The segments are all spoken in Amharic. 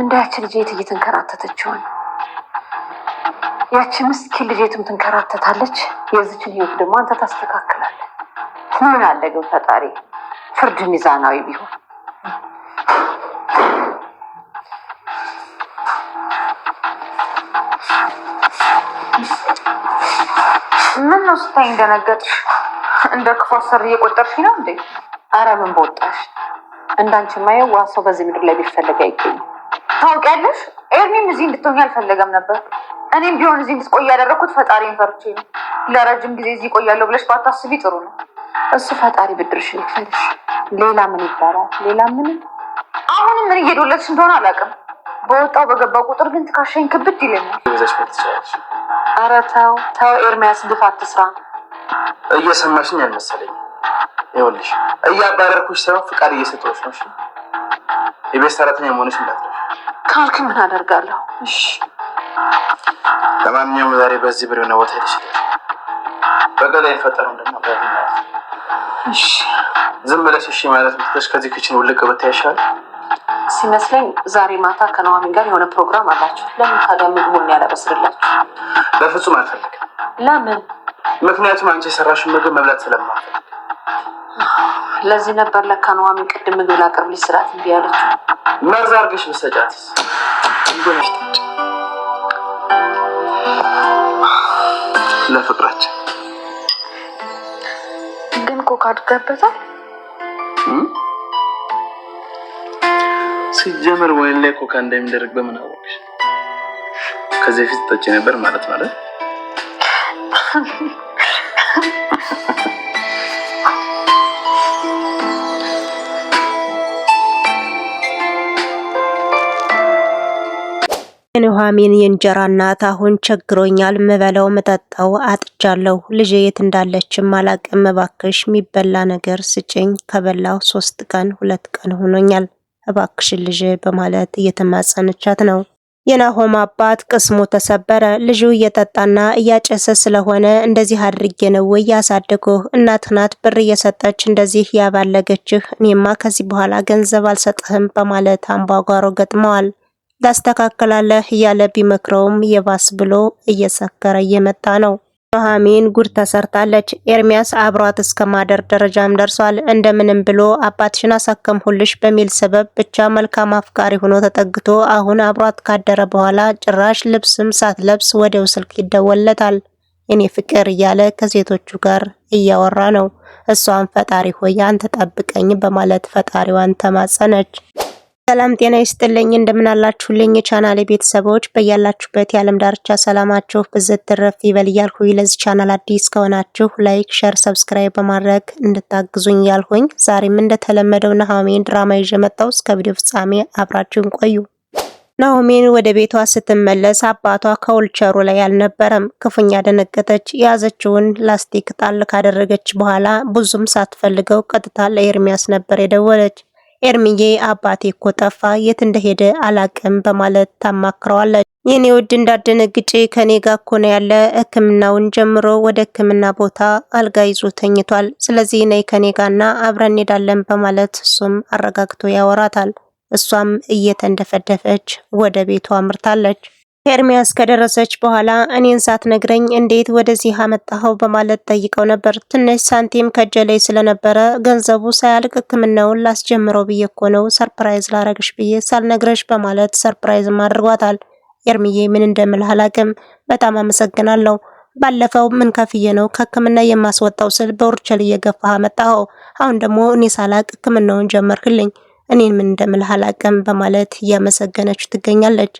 እንዳያች ልጄት እየተንከራተተችውን ያቺ ምስኪን ልጄትም ትንከራተታለች። የዚችን ህይወት ደግሞ አንተ ታስተካክላለህ። ምን አለ ግን ፈጣሪ ፍርድ ሚዛናዊ ቢሆን። ምን ነው ስታይ እንደነገጥሽ እንደ ክፉ አሰሪ እየቆጠርሽ ነው እንዴ? አረ ምን በወጣሽ! እንዳንቺማ የዋህ ሰው በዚህ ምድር ላይ ቢፈለግ አይገኝም። ታውቂያለሽ፣ ኤርሚም እዚህ እንድትሆኝ አልፈለገም ነበር። እኔም ቢሆን እዚህ እንድትቆይ ያደረግኩት ፈጣሪን ፈርቼ ነው። ለረጅም ጊዜ እዚህ ቆያለሁ ብለሽ ባታስቢ ጥሩ ነው። እሱ ፈጣሪ ብድርሽ ይክፈልሽ። ሌላ ምን ይባላል? ሌላ ምንም። አሁንም ምን እየዶለትሽ እንደሆነ አላውቅም። በወጣው በገባው ቁጥር ግን ትካሸኝ ክብድ ይለኛል። ኧረ ተው ተው ኤርሚያስ፣ ግፍ አትስራ። እየሰማሽኝ አልመሰለኝ። ይኸውልሽ እያባረርኩሽ ሳይሆን ፍቃድ እየሰጠሁሽ ነው። የቤት ሰራተኛ መሆንሽ እንዳት ካልክ ምን አደርጋለሁ? እሺ ለማንኛውም ዛሬ በዚህ ብር የሆነ ቦታ ይችላል። በገላ ይፈጠሩ እሺ፣ ዝም ብለሽ እሺ ማለት ምትለሽ ከዚህ ክችን ውልቅ ብታይ ይሻል ሲመስለኝ። ዛሬ ማታ ከነዋሚ ጋር የሆነ ፕሮግራም አላችሁ። ለምን ታዲያ ምግቡን ያለበስርላችሁ? በፍጹም አልፈልግም። ለምን? ምክንያቱም አንቺ የሰራሽን ምግብ መብላት ስለማልፈልግ። ለዚህ ነበር ለካ ነዋሚን ቅድም ምግብ ላቅርብልሽ ስራት እምቢ ያለችው። መርዝ አድርገሽ ብትሰጫትስ? ለፍቅራችን ግን ኮካ አድርገበታል። ሲጀምር ወይን ላይ ኮካ እንደሚደረግ በምን አወቅሽ? ከዚህ በፊት ጠጪ ነበር ማለት ማለት ኑሐሚን የእንጀራ እናት አሁን ቸግሮኛል፣ ምበላው ምጠጣው አጥቻለሁ። ልጄ የት እንዳለችም አላቅም። እባክሽ የሚበላ ነገር ስጭኝ፣ ከበላው ሶስት ቀን ሁለት ቀን ሆኖኛል። እባክሽን ልጄ በማለት እየተማጸነቻት ነው። የናሆም አባት ቅስሙ ተሰበረ። ልጁ እየጠጣና እያጨሰ ስለሆነ እንደዚህ አድርጌ ነው እያሳደግኩህ፣ እናትህ ናት ብር እየሰጠች እንደዚህ ያባለገችህ፣ እኔማ ከዚህ በኋላ ገንዘብ አልሰጥህም በማለት አምባጓሮ ገጥመዋል። ታስተካከላለህ እያለ ቢመክረውም የባስ ብሎ እየሰከረ እየመጣ ነው። ኑሐሚን ጉድ ተሰርታለች። ኤርሚያስ አብሯት እስከ ማደር ደረጃም ደርሷል። እንደምንም ብሎ አባትሽን አሳከምሁልሽ በሚል ሰበብ ብቻ መልካም አፍቃሪ ሆኖ ተጠግቶ አሁን አብሯት ካደረ በኋላ ጭራሽ ልብስም ሳትለብስ ወዲያው ስልክ ይደወልለታል። እኔ ፍቅር እያለ ከሴቶቹ ጋር እያወራ ነው። እሷን ፈጣሪ ሆይ አንተ ጠብቀኝ በማለት ፈጣሪዋን ተማጸነች። ሰላም ጤና ይስጥልኝ እንደምናላችሁልኝ ቻናል ቤተሰቦች በያላችሁበት የዓለም ዳርቻ ሰላማችሁ ብዝት ትረፍ ይበል እያልኩኝ ለዚህ ቻናል አዲስ ከሆናችሁ ላይክ፣ ሸር፣ ሰብስክራይብ በማድረግ እንድታግዙኝ ያልሁኝ ዛሬም እንደተለመደው ኑሃሚን ድራማ ይዤ መጣሁ። እስከ ቪዲዮ ፍጻሜ አብራችሁን ቆዩ። ኑሃሚን ወደ ቤቷ ስትመለስ አባቷ ከውልቸሩ ላይ አልነበረም። ክፉኛ ደነገጠች። የያዘችውን ላስቲክ ጣል ካደረገች በኋላ ብዙም ሳትፈልገው ቀጥታ ለኤርሚያስ ነበር የደወለች። ኤርሚዬ አባቴ እኮ ጠፋ፣ የት እንደሄደ አላቅም በማለት ታማክረዋለች። የኔ ውድ እንዳደነግጭ ከኔ ጋር እኮ ነው ያለ፣ ሕክምናውን ጀምሮ ወደ ሕክምና ቦታ አልጋ ይዞ ተኝቷል። ስለዚህ ነይ ከኔ ጋርና አብረን እንሄዳለን በማለት እሱም አረጋግቶ ያወራታል። እሷም እየተንደፈደፈች ወደ ቤቷ አምርታለች። ኤርሚያስ ከደረሰች በኋላ እኔን ሳትነግረኝ እንዴት ወደዚህ አመጣኸው በማለት ጠይቀው ነበር። ትንሽ ሳንቲም ከእጄ ላይ ስለነበረ ገንዘቡ ሳያልቅ ሕክምናውን ላስጀምረው ብዬ እኮ ነው ሰርፕራይዝ ላረግሽ ብዬ ሳልነግረሽ በማለት ሰርፕራይዝም አድርጓታል። ኤርሚዬ ምን እንደምልህ አላቅም። በጣም አመሰግናለሁ። ባለፈው ምን ከፍዬ ነው ከሕክምና የማስወጣው ስል በውርቸል እየገፋህ አመጣኸው። አሁን ደግሞ እኔ ሳላቅ ሕክምናውን ጀመርክልኝ። እኔን ምን እንደምልህ አላቅም በማለት እያመሰገነች ትገኛለች።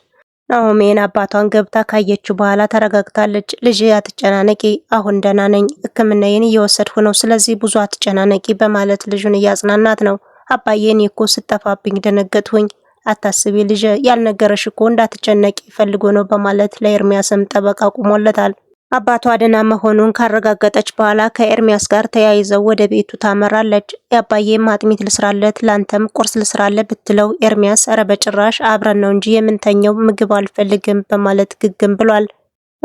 ናሆሜን አባቷን ገብታ ካየችው በኋላ ተረጋግታለች። ልጅ አትጨናነቂ፣ አሁን ደህና ነኝ፣ ሕክምናዬን እየወሰድሁ ነው፣ ስለዚህ ብዙ አትጨናነቂ በማለት ልጁን እያጽናናት ነው። አባዬን እኔ እኮ ስጠፋብኝ ደነገጥሁኝ፣ አታስቢ ልጅ፣ ያልነገረሽ እኮ እንዳትጨነቂ ፈልጎ ነው በማለት ለኤርሚያስም ጠበቃ ቁሞለታል። አባቷ ደህና መሆኑን ካረጋገጠች በኋላ ከኤርሚያስ ጋር ተያይዘው ወደ ቤቱ ታመራለች። የአባዬም አጥሚት ልስራለት፣ ላንተም ቁርስ ልስራለት ብትለው ኤርሚያስ ረበጭራሽ በጭራሽ አብረን ነው እንጂ የምንተኘው ምግብ አልፈልግም በማለት ግግም ብሏል።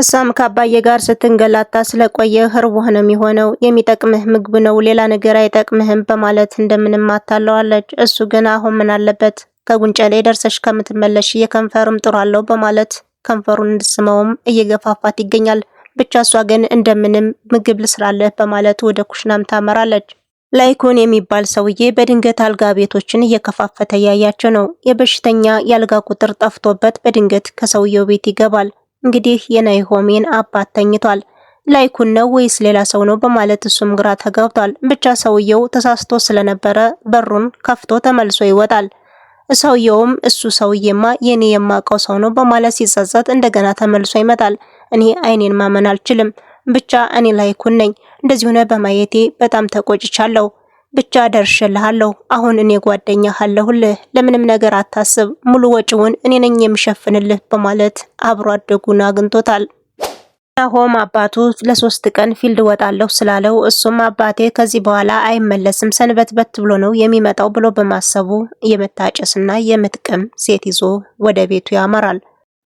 እሷም ከአባዬ ጋር ስትንገላታ ስለቆየ ርቦህ ነው የሚሆነው፣ የሚጠቅምህ ምግብ ነው፣ ሌላ ነገር አይጠቅምህም በማለት እንደምንም አታለዋለች። እሱ ግን አሁን ምን አለበት ከጉንጨሌ ደርሰሽ ከምትመለሽ የከንፈርም ጥሩ አለው በማለት ከንፈሩን እንድስመውም እየገፋፋት ይገኛል። ብቻ እሷ ግን እንደምንም ምግብ ልስራለህ በማለት ወደ ኩሽናም ታመራለች። ላይኮን የሚባል ሰውዬ በድንገት አልጋ ቤቶችን እየከፋፈተ ያያቸው ነው። የበሽተኛ የአልጋ ቁጥር ጠፍቶበት በድንገት ከሰውየው ቤት ይገባል። እንግዲህ የናይሆሜን አባት ተኝቷል። ላይኩን ነው ወይስ ሌላ ሰው ነው በማለት እሱም ግራ ተጋብቷል። ብቻ ሰውየው ተሳስቶ ስለነበረ በሩን ከፍቶ ተመልሶ ይወጣል። ሰውየውም እሱ ሰውዬማ የኔ የማውቀው ሰው ነው በማለት ሲጸጸት እንደገና ተመልሶ ይመጣል። እኔ አይኔን ማመን አልችልም፣ ብቻ እኔ ላይ ኩን ነኝ፣ እንደዚህ ሆነ በማየቴ በጣም ተቆጭቻለሁ። ብቻ ደርሽልሃለሁ። አሁን እኔ ጓደኛህ አለሁልህ፣ ለምንም ነገር አታስብ፣ ሙሉ ወጪውን እኔ ነኝ የምሸፍንልህ በማለት አብሮ አደጉን አግኝቶታል። ሆም አባቱ ለሶስት ቀን ፊልድ ወጣለሁ ስላለው እሱም አባቴ ከዚህ በኋላ አይመለስም ሰንበትበት ብሎ ነው የሚመጣው ብሎ በማሰቡ የምታጨስና የምትቅም ሴት ይዞ ወደ ቤቱ ያመራል።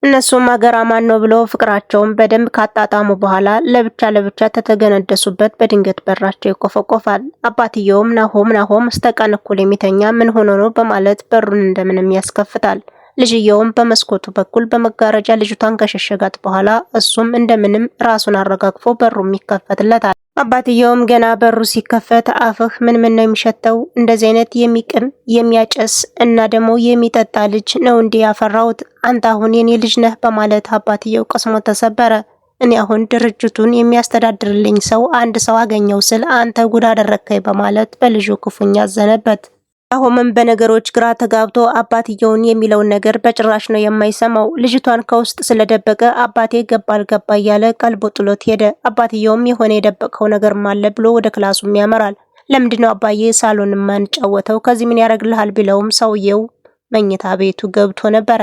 እነሱም አገራማን ነው ብሎ ፍቅራቸውን በደንብ ካጣጣሙ በኋላ ለብቻ ለብቻ ተተገነደሱበት። በድንገት በራቸው ይቆፈቆፋል። አባትየውም ናሆም ናሆም እስተቀን እኩል የሚተኛ ምን ሆኖ ነው በማለት በሩን እንደምንም ያስከፍታል። ልጅየውም በመስኮቱ በኩል በመጋረጃ ልጅቷን ከሸሸጋት በኋላ እሱም እንደምንም ራሱን አረጋግፎ በሩም ይከፈትለታል። አባትየውም ገና በሩ ሲከፈት አፍህ ምን ምን ነው የሚሸተው? እንደዚህ አይነት የሚቅም የሚያጨስ እና ደግሞ የሚጠጣ ልጅ ነው እንዲህ ያፈራሁት አንተ አሁን የኔ ልጅ ነህ በማለት አባትየው ቅስሞ ተሰበረ። እኔ አሁን ድርጅቱን የሚያስተዳድርልኝ ሰው አንድ ሰው አገኘው ስል አንተ ጉድ አደረግከኝ በማለት በልጁ ክፉኛ አዘነበት። አሁንም በነገሮች ግራ ተጋብቶ አባትየውን የሚለውን ነገር በጭራሽ ነው የማይሰማው። ልጅቷን ከውስጥ ስለደበቀ አባቴ ገባ አልገባ እያለ ቀልቦ ጥሎት ሄደ። አባትየውም የሆነ የደበቀው ነገርም አለ ብሎ ወደ ክላሱም ያመራል። ለምንድነው አባዬ ሳሎን የማንጫወተው ከዚህ ምን ያደርግልሃል? ቢለውም ሰውየው መኝታ ቤቱ ገብቶ ነበረ።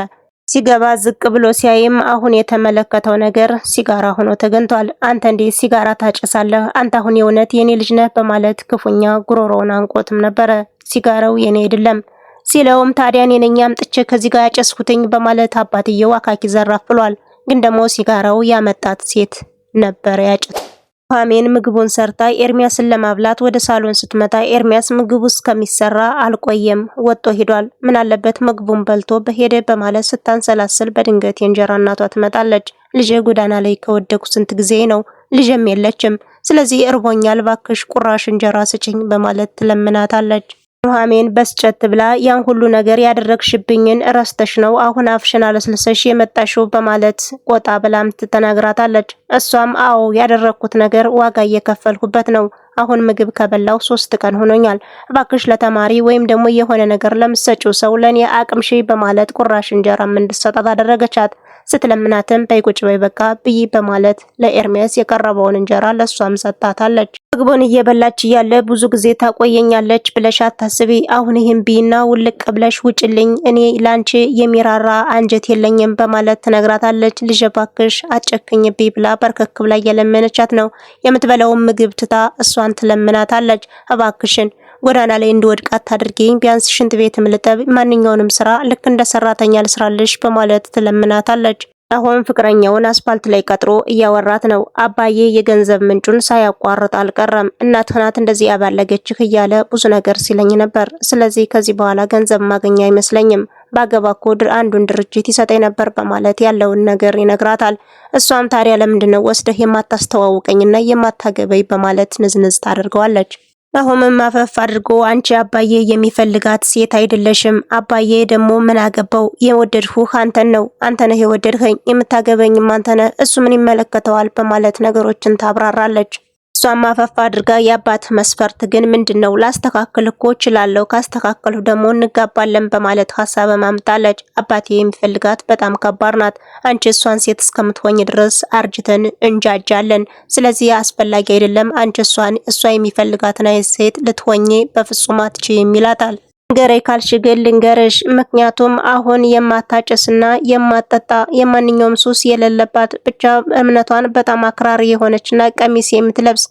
ሲገባ ዝቅ ብሎ ሲያይም አሁን የተመለከተው ነገር ሲጋራ ሆኖ ተገኝቷል። አንተ እንዴት ሲጋራ ታጨሳለህ? አንተ አሁን የእውነት የኔ ልጅ ነህ በማለት ክፉኛ ጉሮሮውን አንቆትም ነበረ። ሲጋራው የኔ አይደለም ሲለውም ታዲያ እኔ ነኝ አምጥቼ ከዚህ ጋር ያጨስኩትኝ በማለት አባትየው አካኪ ዘራፍ ብሏል። ግን ደግሞ ሲጋራው ያመጣት ሴት ነበር ያጨት። ፋሜን ምግቡን ሰርታ ኤርሚያስን ለማብላት ወደ ሳሎን ስትመጣ ኤርሚያስ ምግቡ እስከሚሰራ አልቆየም፣ ወጥቶ ሂዷል። ምን አለበት ምግቡን በልቶ በሄደ በማለት ስታንሰላስል በድንገት የእንጀራ እናቷ ትመጣለች። ልጄ ጎዳና ላይ ከወደኩ ስንት ጊዜ ነው፣ ልጄም የለችም። ስለዚህ እርቦኛል፣ እባክሽ ቁራሽ እንጀራ ስጭኝ በማለት ትለምናታለች። ኑሐሚን በስጨት ብላ ያን ሁሉ ነገር ያደረግሽብኝን ረስተሽ ነው አሁን አፍሽን አለስልሰሽ የመጣሽው በማለት ቆጣ ብላም ትተናግራታለች። እሷም አዎ ያደረግኩት ነገር ዋጋ እየከፈልኩበት ነው። አሁን ምግብ ከበላው ሶስት ቀን ሆኖኛል። እባክሽ ለተማሪ ወይም ደግሞ የሆነ ነገር ለምሰጪው ሰው ለእኔ አቅምሽ በማለት ቁራሽ እንጀራም እንድሰጣት አደረገቻት። ስትለምናትም በይ ቁጭ በይ በቃ ብይ በማለት ለኤርሚያስ የቀረበውን እንጀራ ለእሷም ሰጥታታለች። ምግቡን እየበላች እያለ ብዙ ጊዜ ታቆየኛለች ብለሽ አታስቢ፣ አሁን ይህም ብይና ውልቅ ብለሽ ውጭልኝ፣ እኔ ላንቺ የሚራራ አንጀት የለኝም በማለት ትነግራታለች። ልጄ እባክሽ አትጨክኝብኝ ብላ በርከክ ብላ እየለመነቻት ነው። የምትበላውን ምግብ ትታ እሷን ትለምናታለች። እባክሽን ጎዳና ላይ እንድወድቅ አታድርጊኝ፣ ቢያንስ ሽንት ቤትም ልጠብ፣ ማንኛውንም ስራ ልክ እንደ ሰራተኛ ልስራልሽ በማለት ትለምናታለች። አሁን ፍቅረኛውን አስፓልት ላይ ቀጥሮ እያወራት ነው። አባዬ የገንዘብ ምንጩን ሳያቋርጥ አልቀረም። እናትህ ናት እንደዚህ ያባለገችህ እያለ ብዙ ነገር ሲለኝ ነበር። ስለዚህ ከዚህ በኋላ ገንዘብ ማገኛ አይመስለኝም። ባገባ እኮ አንዱን ድርጅት ይሰጠኝ ነበር በማለት ያለውን ነገር ይነግራታል። እሷም ታዲያ ለምንድነው ወስደህ የማታስተዋውቀኝና የማታገበኝ በማለት ንዝንዝ ታደርገዋለች። ናሆምም አፈፍ አድርጎ አንቺ አባዬ የሚፈልጋት ሴት አይደለሽም። አባዬ ደግሞ ምን አገባው? የወደድሁህ አንተን ነው። ነህ የወደድኸኝ። የምታገበኝም አንተነህ። እሱ ምን ይመለከተዋል? በማለት ነገሮችን ታብራራለች። እሷም አፈፋ አድርጋ የአባት መስፈርት ግን ምንድን ነው? ላስተካክል እኮ እችላለሁ፣ ካስተካከልሁ ደግሞ እንጋባለን በማለት ሀሳብ ማምጣለች። አባቴ የሚፈልጋት በጣም ከባድ ናት፣ አንቺ እሷን ሴት እስከምትሆኝ ድረስ አርጅተን እንጃጃለን። ስለዚህ አስፈላጊ አይደለም፣ አንቺ እሷን እሷ የሚፈልጋትን አይነት ሴት ልትሆኚ በፍጹም አትችይም ይላታል። ንገረኝ ካልሽ ግን ልንገርሽ። ምክንያቱም አሁን የማታጨስና የማጠጣ የማንኛውም ሱስ የሌለባት ብቻ እምነቷን በጣም አክራሪ የሆነችና ቀሚስ የምትለብስ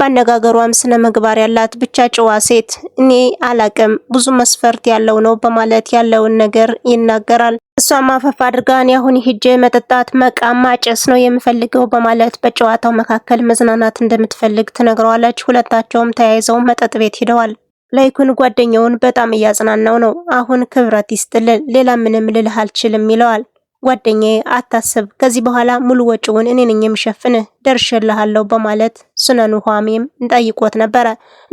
በአነጋገሯም ስነ ምግባር ያላት ብቻ ጨዋ ሴት እኔ አላቅም ብዙ መስፈርት ያለው ነው በማለት ያለውን ነገር ይናገራል። እሷም አፈፍ አድርጋን ያሁን ሂጄ መጠጣት፣ መቃም፣ ማጨስ ነው የምፈልገው በማለት በጨዋታው መካከል መዝናናት እንደምትፈልግ ትነግረዋለች። ሁለታቸውም ተያይዘው መጠጥ ቤት ሂደዋል። ላይኩን ጓደኛውን በጣም እያጽናናው ነው። አሁን ክብረት ይስጥልን፣ ሌላ ምንም ልልህ አልችልም ይለዋል። ጓደኛዬ አታስብ፣ ከዚህ በኋላ ሙሉ ወጪውን እኔ ነኝ የምሸፍንህ፣ ደርሼልሃለሁ በማለት ስነ ኑሃሜም እንጠይቆት ነበረ።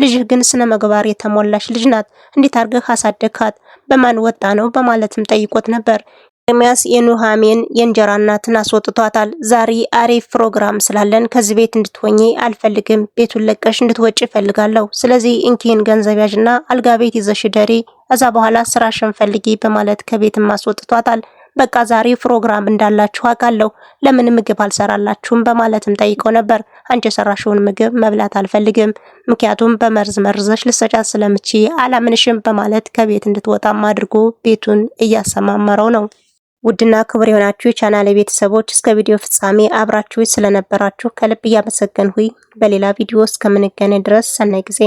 ልጅህ ግን ስነ መግባር የተሞላች ልጅ ናት፣ እንዴት አድርገህ አሳደግካት? በማን ወጣ ነው በማለትም ጠይቆት ነበር። ኤርሚያስ የኑሃሜን የእንጀራ እናትን አስወጥቷታል። ዛሬ አሪፍ ፕሮግራም ስላለን ከዚህ ቤት እንድትወኚ አልፈልግም፣ ቤቱን ለቀሽ እንድትወጪ እፈልጋለሁ። ስለዚህ እንኪህን ገንዘብ ያዥና አልጋ ቤት ይዘሽ ደሪ፣ እዛ በኋላ ስራሽን ፈልጊ በማለት ከቤትም አስወጥቷታል። በቃ ዛሬ ፕሮግራም እንዳላችሁ አውቃለሁ፣ ለምን ምግብ አልሰራላችሁም በማለትም ጠይቆ ነበር። አንቺ የሰራሽውን ምግብ መብላት አልፈልግም፣ ምክንያቱም በመርዝ መርዘሽ ልሰጫት ስለምቺ አላምንሽም በማለት ከቤት እንድትወጣም አድርጎ ቤቱን እያሰማመረው ነው። ውድና ክቡር የሆናችሁ የቻናል ቤተሰቦች እስከ ቪዲዮ ፍጻሜ አብራችሁ ስለነበራችሁ ከልብ እያመሰገንሁኝ በሌላ ቪዲዮ እስከምንገናኝ ድረስ ሰናይ ጊዜ